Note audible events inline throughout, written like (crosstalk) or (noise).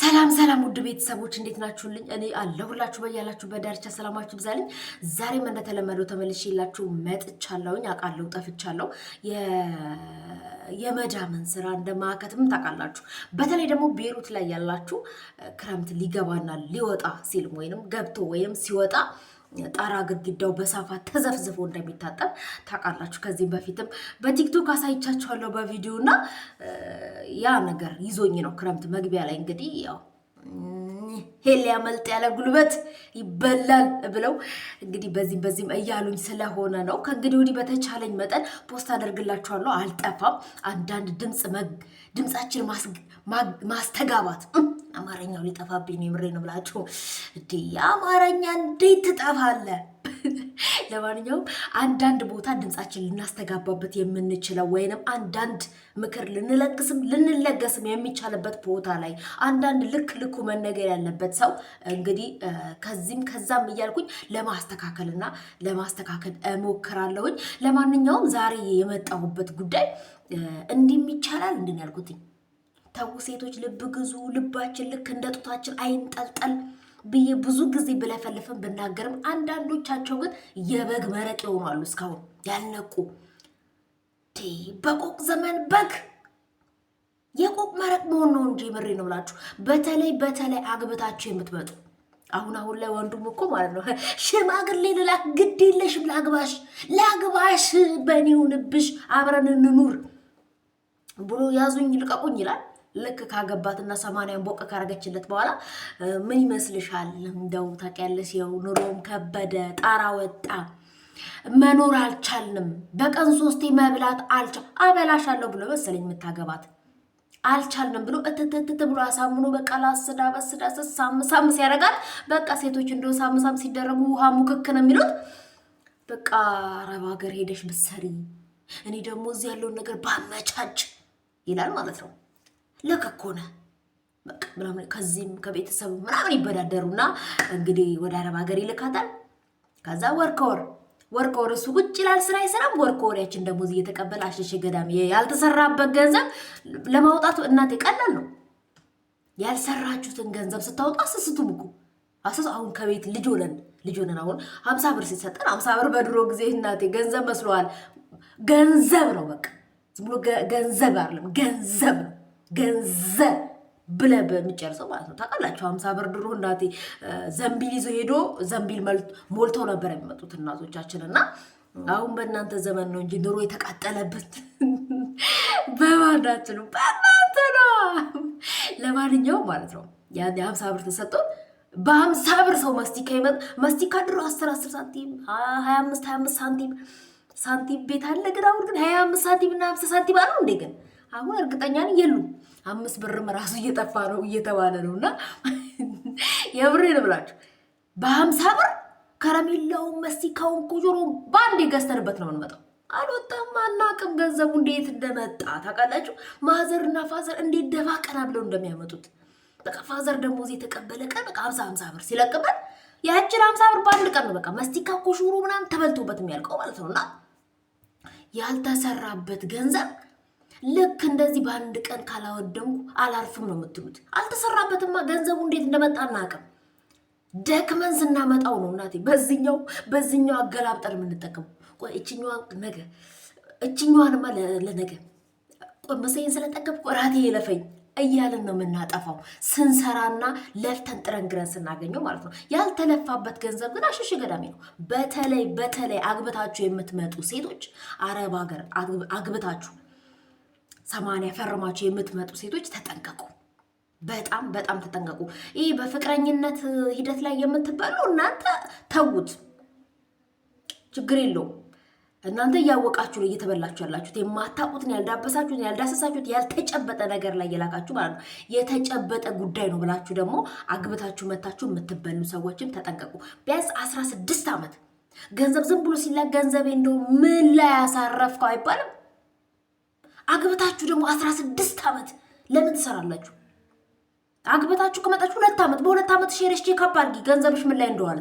ሰላም ሰላም፣ ውድ ቤተሰቦች እንዴት ናችሁልኝ? እኔ አለሁላችሁ። በያላችሁ በዳርቻ ሰላማችሁ ብዛልኝ። ዛሬም እንደተለመደው ተመልሼ የላችሁ መጥቻለሁኝ። አውቃለሁ ጠፍቻለሁ። የመዳምን ስራ እንደ ማከትም ታውቃላችሁ። በተለይ ደግሞ ቤሩት ላይ ያላችሁ ክረምት ሊገባና ሊወጣ ሲልም ወይንም ገብቶ ወይም ሲወጣ ጣራ ግድግዳው በሳፋ ተዘፍዝፎ እንደሚታጠብ ታውቃላችሁ። ከዚህም በፊትም በቲክቶክ አሳይቻችኋለሁ በቪዲዮ እና ያ ነገር ይዞኝ ነው ክረምት መግቢያ ላይ እንግዲህ ያው ይሄ ሊያመልጥ ያለ ጉልበት ይበላል ብለው እንግዲህ በዚህም በዚህም እያሉኝ ስለሆነ ነው። ከእንግዲህ ወዲህ በተቻለኝ መጠን ፖስት አደርግላችኋለሁ። አልጠፋም። አንዳንድ ድምፅ ድምፃችን ማስተጋባት አማርኛው ሊጠፋብኝ ነው። የምሬን ነው ብላችሁ እ አማርኛ እንዴት ትጠፋለ? (laughs) ለማንኛውም አንዳንድ ቦታ ድምፃችን ልናስተጋባበት የምንችለው ወይንም አንዳንድ ምክር ልንለግስም ልንለገስም የሚቻልበት ቦታ ላይ አንዳንድ ልክ ልኩ መነገር ያለበት ሰው እንግዲህ ከዚህም ከዛም እያልኩኝ ለማስተካከልና ለማስተካከል እሞክራለሁኝ። ለማንኛውም ዛሬ የመጣሁበት ጉዳይ እንዲህ ይቻላል እንድን ያልኩትኝ ተው ሴቶች ልብ ግዙ፣ ልባችን ልክ እንደ ጡታችን አይንጠልጠል ብዬ ብዙ ጊዜ ብለፈልፍም ብናገርም አንዳንዶቻቸው ግን የበግ መረቅ ይሆናሉ። እስካሁን ያልነቁ በቆቅ ዘመን በግ የቆቅ መረቅ መሆን ነው እንጂ ምሬ ነው ብላችሁ በተለይ በተለይ አግብታችሁ የምትመጡ አሁን አሁን ላይ ወንዱም እኮ ማለት ነው (laughs) ሽማግሌ ልላክ ግድ የለሽም ለአግባሽ ለአግባሽ በእኔ አብረን እንኑር ብሎ ያዙኝ ልቀቁኝ ይላል። ልክ ካገባትና ሰማንያን ቦቅ ካረገችለት በኋላ ምን ይመስልሻል? እንደው ታውቂያለሽ፣ ይኸው ኑሮም ከበደ፣ ጣራ ወጣ፣ መኖር አልቻልንም፣ በቀን ሶስቴ መብላት አልቻ አበላሻለሁ ብሎ መሰለኝ የምታገባት አልቻልንም ብሎ እትትትት ብሎ አሳምኖ በቃ ላስዳ በስዳ ስስ ሳምሳምስ ያደርጋል። በቃ ሴቶች እንደ ሳምሳም ሲደረጉ ውሃ ሙክክ ነው የሚሉት። በቃ አረብ ሀገር ሄደሽ ብትሰሪ እኔ ደግሞ እዚህ ያለውን ነገር ባመቻች ይላል ማለት ነው። ልክ እኮ ነህ ምናምን ከዚህም ከቤተሰቡ ምናምን ይበዳደሩና እንግዲህ ወደ አረብ ሀገር ይልካታል። ከዛ ወር ከወር ወር ከወር እሱ ቁጭ ይላል ስራ አይሰራም። ወር ከወር ያችን ደሞዝ እየተቀበለ አሸሸ ገዳም። ያልተሰራበት ገንዘብ ለማውጣት እናቴ ቀላል ነው። ያልሰራችሁትን ገንዘብ ስታወጡ አስስቱም እኮ አስስ አሁን ከቤት ልጅ ሆነን ልጅ ሆነን አሁን ሀምሳ ብር ሲሰጠን ሀምሳ ብር በድሮ ጊዜ እናቴ ገንዘብ መስለዋል። ገንዘብ ነው በቃ ዝም ብሎ ገንዘብ አይደለም ገንዘብ ነው። ገንዘብ ብለ በሚጨርሰው ማለት ነው። ታውቃላችሁ ሀምሳ ብር ድሮ እናቴ ዘንቢል ይዞ ሄዶ ዘንቢል ሞልተው ነበር የሚመጡት እናቶቻችን እና አሁን በእናንተ ዘመን ነው እንጂ ኑሮ የተቃጠለበት (laughs) ነው በእናንተ ነው። ለማንኛውም ማለት ነው ያን የሀምሳ ብር ተሰጠው በሀምሳ ብር ሰው መስቲካ ይመጥ መስቲካ ድሮ አስር አስር ሳንቲም ሀያ አምስት ሀያ አምስት ሳንቲም ሳንቲም ቤት አለ። ግን አሁን ግን ሀያ አምስት ሳንቲም እና ሀምሳ ሳንቲም አለው እንዴ ግን አሁን እርግጠኛን የሉም። አምስት ብርም ራሱ እየጠፋ ነው እየተባለ ነው እና (laughs) የብር ልብላችሁ በሀምሳ ብር ከረሜላውን መስቲካውን ቁጭሮ በአንድ የገዝተንበት ነው የምንመጣው። አልወጣም አናቅም ገንዘቡ እንዴት እንደመጣ ታውቃላችሁ። ማዘርና ፋዘር እንዴት ደፋ ቀና ብለው እንደሚያመጡት በቃ ፋዘር ደግሞ እዚህ የተቀበለ ቀን በቃ ሀምሳ ሀምሳ ብር ሲለቅበት ያችን ሀምሳ ብር በአንድ ቀን ነው በቃ መስቲካ ኮሽሮ ምናምን ተበልቶበት የሚያልቀው ማለት ነው እና ያልተሰራበት ገንዘብ ልክ እንደዚህ በአንድ ቀን ካላወደምኩ አላርፍም ነው የምትሉት። አልተሰራበትማ። ገንዘቡ እንዴት እንደመጣ እናቅም። ደክመን ስናመጣው ነው እናቴ። በዚኛው በዚኛው አገላብጠን የምንጠቀሙ እችኛ ነገ እችኛዋንማ ለነገ መሰይን ስለጠገብኩ እራቴ የለፈኝ እያልን ነው የምናጠፋው። ስንሰራና ለፍተን ጥረን ግረን ስናገኘው ማለት ነው። ያልተለፋበት ገንዘብ ግን አሸሽ ገዳሚ ነው። በተለይ በተለይ አግብታችሁ የምትመጡ ሴቶች አረብ ሀገር አግብታችሁ ሰማንያ ፈርማችሁ የምትመጡ ሴቶች ተጠንቀቁ። በጣም በጣም ተጠንቀቁ። ይህ በፍቅረኝነት ሂደት ላይ የምትበሉ እናንተ ተዉት፣ ችግር የለውም። እናንተ እያወቃችሁ ነው እየተበላችሁ ያላችሁት። የማታውቁትን ያልዳበሳችሁትን፣ ያልዳሰሳችሁት ያልተጨበጠ ነገር ላይ የላካችሁ ማለት ነው። የተጨበጠ ጉዳይ ነው ብላችሁ ደግሞ አግብታችሁ መታችሁ የምትበሉ ሰዎችም ተጠንቀቁ። ቢያንስ አስራ ስድስት ዓመት ገንዘብ ዝም ብሎ ሲላ ገንዘቤ እንደው ምን ላይ ያሳረፍከው አይባልም። አግብታችሁ ደግሞ አስራ ስድስት ዓመት ለምን ትሰራላችሁ? አግብታችሁ ከመጣችሁ ሁለት ዓመት በሁለት ዓመት ሼርሽ ቼካፕ አድርጊ ገንዘብሽ ምን ላይ እንደዋለ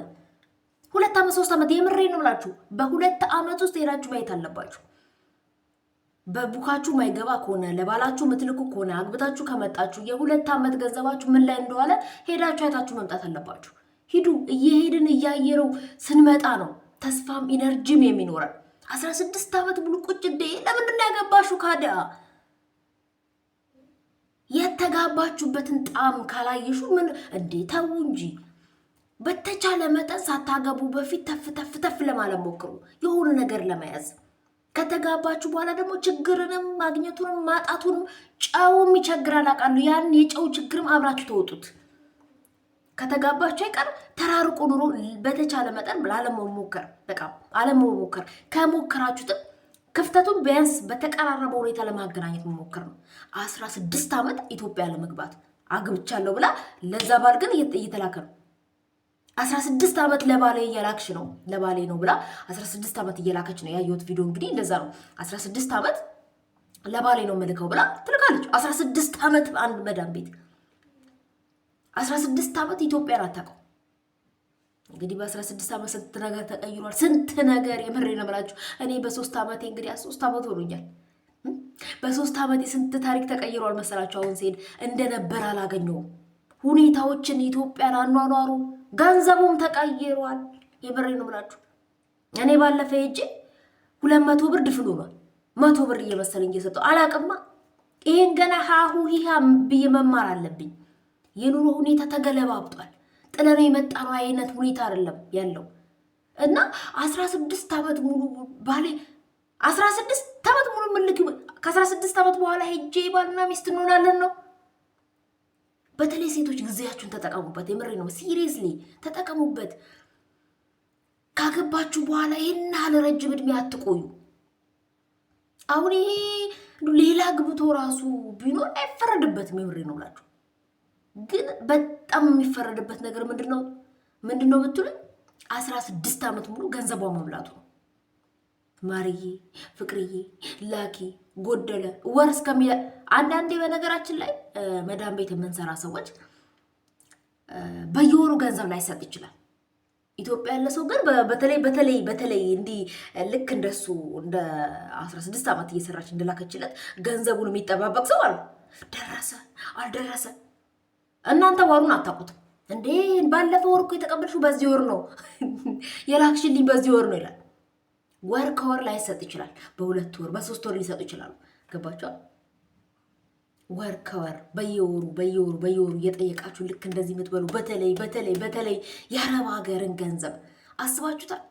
ሁለት ዓመት ሶስት ዓመት የምሬ ነው ብላችሁ በሁለት ዓመት ውስጥ ሄዳችሁ ማየት አለባችሁ። በቡካችሁ ማይገባ ከሆነ ለባላችሁ ምትልኩ ከሆነ አግብታችሁ ከመጣችሁ የሁለት ዓመት ገንዘባችሁ ምን ላይ እንደዋለ ሄዳችሁ አይታችሁ መምጣት አለባችሁ። ሂዱ። እየሄድን እያየረው ስንመጣ ነው ተስፋም ኢነርጂም የሚኖረን። አስራ ስድስት ዓመት ሙሉ ቁጭ እንዴ! ለምንድን ነው ካዳ የተጋባችሁበትን ጣም ካላየሹ ምን እንዴ! ተዉ እንጂ በተቻለ መጠን ሳታገቡ በፊት ተፍ ተፍ ተፍ ለማለት ሞክሩ፣ የሆኑ ነገር ለመያዝ ከተጋባችሁ በኋላ ደግሞ ችግርንም ማግኘቱንም ማጣቱንም ጨውም ይቸግራል አውቃለሁ። ያን የጨው ችግርም አብራችሁ ተወጡት። ከተጋባችሁ አይቀር ተራርቆ ኑሮ በተቻለ መጠን ላለመ አለመሞከር በቃ አለመሞከር ከሞከራችሁ ክፍተቱን ቢያንስ በተቀራረበ ሁኔታ ለማገናኘት መሞከር ነው። አስራ ስድስት ዓመት ኢትዮጵያ ለመግባት አግብቻለሁ ብላ ለዛ ባል ግን እየተላከ ነው። አስራ ስድስት ዓመት ለባሌ እየላክሽ ነው ለባሌ ነው ብላ አስራ ስድስት ዓመት እየላከች ነው ያየሁት ቪዲዮ። እንግዲህ እንደዛ ነው። አስራ ስድስት ዓመት ለባሌ ነው መልከው ብላ ትልካለች። አስራ ስድስት ዓመት አንድ መዳም ቤት አስራ ስድስት ዓመት ኢትዮጵያን አታውቀው እንግዲህ በአስራ ስድስት ዓመት ስንት ነገር ተቀይሯል። ስንት ነገር የምሬ ነው ብላችሁ እኔ በሶስት ዓመቴ እንግዲህ ሶስት ዓመት ሆኖኛል። በሶስት ዓመቴ ስንት ታሪክ ተቀይሯል መሰላችሁ። አሁን ስሄድ እንደነበር አላገኘውም። ሁኔታዎችን፣ ኢትዮጵያን፣ አኗኗሩ፣ ገንዘቡም ተቀይሯል። የምሬ ነው ብላችሁ እኔ ባለፈ ሄጄ ሁለት መቶ ብር ድፍኑ ነው መቶ ብር እየመሰለኝ እየሰጠው አላቅማ። ይህን ገና ሀሁ ሂሃ ብዬ መማር አለብኝ። የኑሮ ሁኔታ ተገለባብጧል። ጥለን የመጣ ነው አይነት ሁኔታ አይደለም ያለው እና አስራ ስድስት ዓመት ሙሉ ባሌ አስራ ስድስት ዓመት ሙሉ ምልክ ከአስራ ስድስት ዓመት በኋላ ሄጄ ባልና ሚስት እንሆናለን ነው። በተለይ ሴቶች ጊዜያችሁን ተጠቀሙበት። የምሬ ነው። ሲሪየስሊ ተጠቀሙበት። ካገባችሁ በኋላ ይህን ያህል ረጅም እድሜ አትቆዩ። አሁን ይሄ ሌላ ግብቶ ራሱ ቢኖር አይፈረድበትም። የምሬ ነው ብላችሁ ግን በጣም የሚፈረድበት ነገር ምንድን ነው ምንድን ነው አስራ ስድስት ዓመት ሙሉ ገንዘቧ መብላቱ ነው። ማርዬ ፍቅርዬ፣ ላኪ ጎደለ ወር እስከሚ አንዳንዴ በነገራችን ላይ መዳን ቤት የምንሰራ ሰዎች በየወሩ ገንዘብ ላይ ሰጥ ይችላል። ኢትዮጵያ ያለ ሰው ግን በተለይ በተለይ በተለይ እንዲህ ልክ እንደሱ እንደ አስራ ስድስት ዓመት እየሰራች እንደላከችለት ገንዘቡን የሚጠባበቅ ሰው አለ። ደረሰ አልደረሰ እናንተ ወሩን አታውቁትም እንዴ? ባለፈው ወር እኮ የተቀበልሽው በዚህ ወር ነው (laughs) የላክሽልኝ በዚህ ወር ነው ይላል። ወር ከወር ላይሰጥ ይችላል። በሁለት ወር በሶስት ወር ሊሰጡ ይችላሉ። ገባችኋል? ወር ከወር በየወሩ በየወሩ በየወሩ እየጠየቃችሁ ልክ እንደዚህ የምትበሉ በተለይ በተለይ በተለይ የአረብ ሀገርን ገንዘብ አስባችሁታል?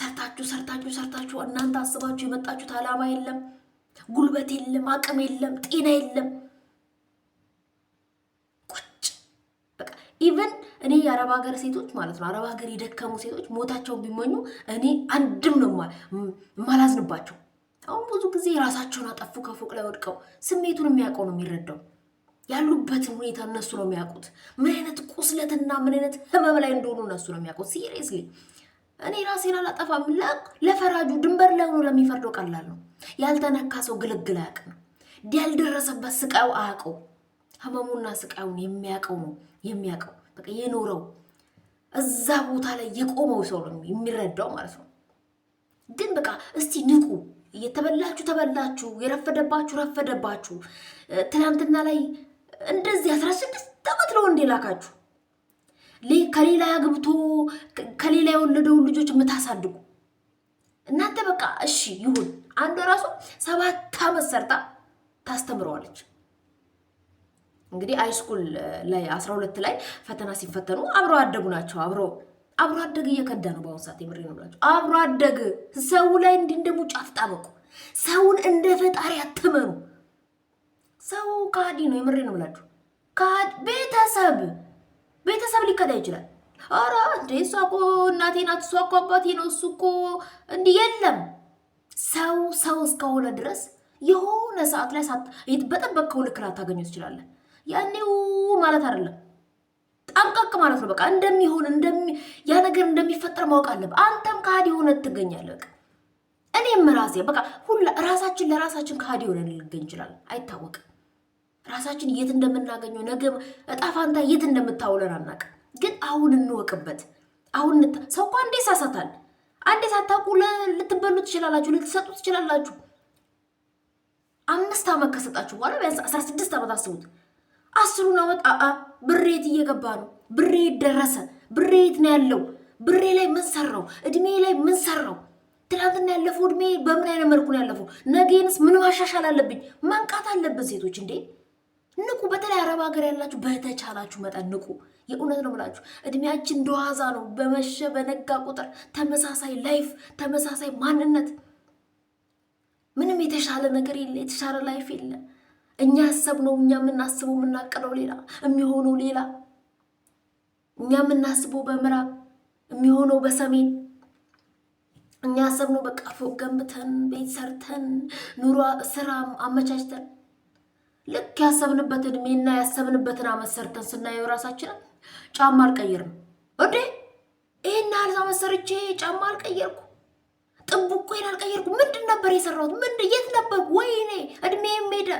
ሰርታችሁ ሰርታችሁ ሰርታችሁ እናንተ አስባችሁ የመጣችሁት አላማ የለም፣ ጉልበት የለም፣ አቅም የለም፣ ጤና የለም። ኢቨን እኔ የአረብ ሀገር ሴቶች ማለት ነው አረብ ሀገር የደከሙ ሴቶች ሞታቸውን ቢመኙ እኔ አንድም ነው ማላዝንባቸው። አሁን ብዙ ጊዜ ራሳቸውን አጠፉ ከፎቅ ላይ ወድቀው ስሜቱን የሚያውቀው ነው የሚረዳው። ያሉበትን ሁኔታ እነሱ ነው የሚያውቁት። ምን አይነት ቁስለትና ምን አይነት ህመም ላይ እንደሆኑ እነሱ ነው የሚያውቁት። ሲሪየስሊ እኔ ራሴን አላጠፋም። ለፈራጁ ድንበር ላይ ለሚፈርደው ቀላል ነው። ያልተነካ ሰው ግልግል አያውቅም። ያልደረሰበት ስቃዩ አያውቀው። ህመሙና ስቃዩን የሚያውቀው ነው የሚያውቀው በቃ የኖረው እዛ ቦታ ላይ የቆመው ሰው ነው የሚረዳው ማለት ነው። ግን በቃ እስቲ ንቁ። የተበላችሁ ተበላችሁ፣ የረፈደባችሁ ረፈደባችሁ። ትናንትና ላይ እንደዚህ አስራ ስድስት ዓመት ነው እንዴ ላካችሁ? ከሌላ አግብቶ ከሌላ የወለደውን ልጆች የምታሳድጉ እናንተ በቃ እሺ ይሁን። አንዷ ራሱ ሰባት አመት ሰርታ ታስተምረዋለች። እንግዲህ ሃይስኩል ላይ አስራ ሁለት ላይ ፈተና ሲፈተኑ አብሮ አደጉ ናቸው። አብሮ አብሮ አደግ እየከዳ ነው በአሁኑ ሰዓት። የምሬ ነው ብላችሁ አብሮ አደግ ሰው ላይ እንዲህ እንደ ሙጫ አትጣበቁ። ሰውን እንደ ፈጣሪ አትመኑ። ሰው ከሃዲ ነው። የምሬ ነው ብላችሁ ቤተሰብ ቤተሰብ ሊከዳ ይችላል። አረ እንዴ እሷ እኮ እናቴ ናት፣ እሷ እኮ አባቴ ነው፣ እሱ እኮ እንዲህ የለም። ሰው ሰው እስከሆነ ድረስ የሆነ ሰዓት ላይ በጠበቅከው ልክ ላታገኙ ትችላለህ። ያኔው ማለት አይደለም ጠንቀቅ ማለት ነው። በቃ እንደሚሆን ያ ነገር እንደሚፈጠር ማወቅ አለብህ። አንተም ከሃዲ ሆነ ትገኛለህ። በቃ እኔም ራሴ በቃ ሁላ ራሳችን ለራሳችን ከሃዲ ሆነ ልገኝ እንችላለን። አይታወቅም። ራሳችን የት እንደምናገኘው ነገ እጣ ፋንታ የት እንደምታውለን አናውቅም። ግን አሁን እንወቅበት። አሁን ሰው እኮ አንዴ ይሳሳታል። አንዴ ሳታውቁ ልትበሉ ትችላላችሁ፣ ልትሰጡ ትችላላችሁ። አምስት ዓመት ከሰጣችሁ በኋላ ቢያንስ አስራ ስድስት ዓመት አስቡት። አስሩን አወጣ። ብሬት እየገባ ነው። ብሬ ደረሰ። ብሬት ነው ያለው። ብሬ ላይ ምን ሰራው? እድሜ ላይ ምን ሰራው? ትናንትና ያለፈው እድሜ በምን አይነት መልኩ ነው ያለፈው? ነገንስ ምን ማሻሻል አለብኝ? መንቃት አለበት። ሴቶች እንዴ ንቁ! በተለይ አረብ ሀገር ያላችሁ በተቻላችሁ መጠን ንቁ። የእውነት ነው ብላችሁ እድሜያችን እንደዋዛ ነው። በመሸ በነጋ ቁጥር ተመሳሳይ ላይፍ፣ ተመሳሳይ ማንነት፣ ምንም የተሻለ ነገር የለ፣ የተሻለ ላይፍ የለ። እኛ ያሰብነው እኛ የምናስበው የምናቀለው ሌላ የሚሆነው ሌላ። እኛ የምናስበው በምዕራብ የሚሆነው በሰሜን። እኛ ያሰብነው በቃ ፎቅ ገንብተን ቤት ሰርተን ኑሮ ስራ አመቻችተን ልክ ያሰብንበት እድሜና ያሰብንበትን አመት ሰርተን ስናየው ራሳችንን ጫማ አልቀየርም እንዴ! ይህን ያህል ዓመት ሰርቼ ጫማ አልቀየርኩ፣ ይን አልቀየርኩ። ምንድን ነበር የሰራሁት? ምንድ የት ነበርኩ? ወይኔ እድሜ ሄደ።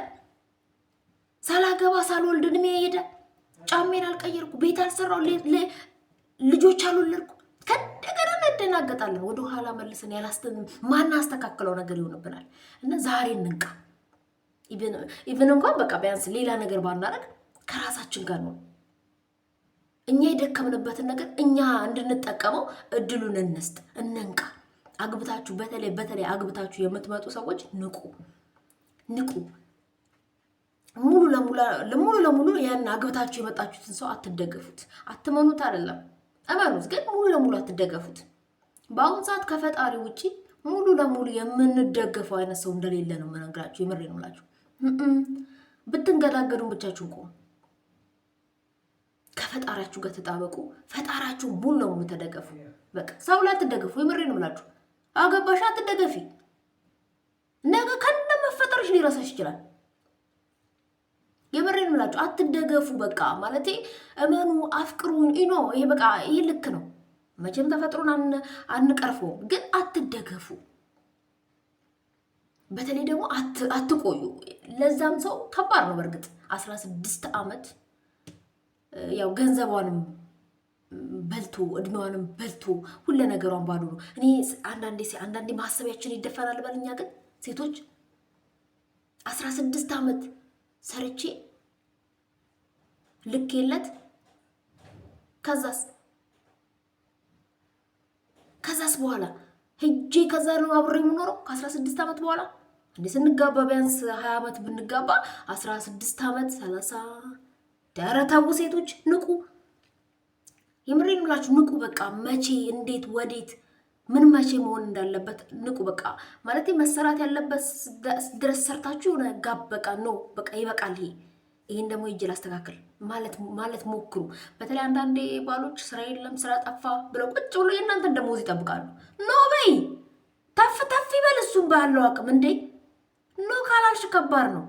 ሳላገባ ሳልወልድ እድሜ ሄደ። ጫሜን አልቀየርኩ፣ ቤት አልሰራው፣ ልጆች አልወለድኩ። ከእንደገና እንደናገጣለን፣ ወደ ኋላ ወደኋላ መልሰን ማናስተካክለው ነገር ይሆንብናል። እና ዛሬ እንንቃ። ኢቨን እንኳን በቃ ቢያንስ ሌላ ነገር ባናረግ ከራሳችን ጋር ነው እኛ የደከምንበትን ነገር እኛ እንድንጠቀመው እድሉን እንስጥ፣ እንንቃ። አግብታችሁ በተለይ በተለይ አግብታችሁ የምትመጡ ሰዎች ንቁ፣ ንቁ። ሙሉ ለሙሉ ለሙሉ ያን አግብታችሁ የመጣችሁትን ሰው አትደገፉት። አትመኑት አይደለም እመኑት፣ ግን ሙሉ ለሙሉ አትደገፉት። በአሁኑ ሰዓት ከፈጣሪ ውጪ ሙሉ ለሙሉ የምንደገፈው አይነት ሰው እንደሌለ ነው የምነግራችሁ። የምሬ ነው የምላችሁ። ብትንገዳገዱን ብቻችሁን ቆሙ። ከፈጣሪያችሁ ጋር ተጣበቁ። ፈጣሪያችሁ ሙሉ ለሙሉ ተደገፉ። በቃ ሰው ላይ አትደገፉ። የምሬ ነው የምላችሁ። አገባሽ አትደገፊ። ነገ ከነ መፈጠርሽ ሊረሳሽ ይችላል። የበሬን ብላችሁ አትደገፉ። በቃ ማለት እመኑ፣ አፍቅሩን ኢኖ ይሄ በቃ ይህ ልክ ነው። መቼም ተፈጥሮን አንቀርፈውም፣ ግን አትደገፉ። በተለይ ደግሞ አትቆዩ። ለዛም ሰው ከባድ ነው። በእርግጥ አስራ ስድስት ዓመት ያው ገንዘቧንም በልቶ እድሜዋንም በልቶ ሁለ ነገሯን ባዶ ነው። እኔ አንዳንዴ አንዳንዴ ማሰቢያችን ይደፈራል በልኛ። ግን ሴቶች አስራ ስድስት ዓመት ሰርቼ ልኬለት ከዛስ ከዛስ በኋላ ሄጄ ከዛ ነው አብሬ የምኖረው ከአስራ ስድስት ዓመት በኋላ እንዴ ስንጋባ ቢያንስ ሀያ ዓመት ብንጋባ አስራ ስድስት ዓመት ሰላሳ ሴቶች ንቁ፣ የምሬን ንቁ። በቃ መቼ እንዴት ወዴት ምን መቼ መሆን እንዳለበት ንቁ። በቃ ማለት መሰራት ያለበት ድረስ ሰርታችሁ የሆነ ጋብ በቃ በቃ ይበቃል። ይሄ ይህን ደግሞ ይጅል አስተካክል ማለት ሞክሩ። በተለይ አንዳንዴ ባሎች ስራ የለም ስራ ጠፋ ብለው ቁጭ ብሎ የእናንተን ደሞዝ ይጠብቃሉ። ኖ በይ ተፍ ተፍ ይበል እሱም ባለው አቅም እንዴ ኖ ካላልሽ ከባድ ነው።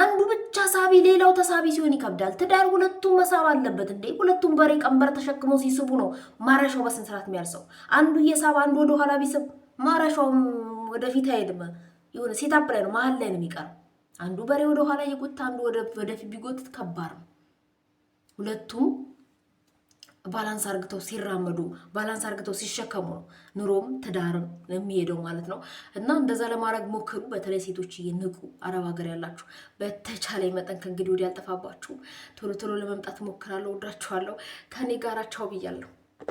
አንዱ ብቻ ሳቢ ሌላው ተሳቢ ሲሆን ይከብዳል። ትዳር ሁለቱም መሳብ አለበት እንዴ! ሁለቱም በሬ ቀንበር ተሸክሞ ሲስቡ ነው ማረሻው በስንት ስርዓት የሚያርሰው። አንዱ እየሳብ አንዱ ወደ ኋላ ቢስብ ማረሻውም ወደፊት አይሄድም። የሆነ ሴታፕ ላይ ነው መሀል ላይ ነው የሚቀር። አንዱ በሬ ወደ ኋላ እየጎታ አንዱ ወደፊት ቢጎትት ከባድ ነው። ሁለቱም ባላንስ አርግተው ሲራመዱ ባላንስ አርግተው ሲሸከሙ ነው ኑሮም ትዳር የሚሄደው ማለት ነው። እና እንደዛ ለማድረግ ሞክሩ። በተለይ ሴቶች ንቁ። አረብ ሀገር ያላችሁ በተቻለ መጠን ከእንግዲህ ወዲህ ያልጠፋባችሁ ቶሎ ቶሎ ለመምጣት ሞክራለሁ። ወዳችኋለሁ። ከኔ ጋራቸው ብያለሁ።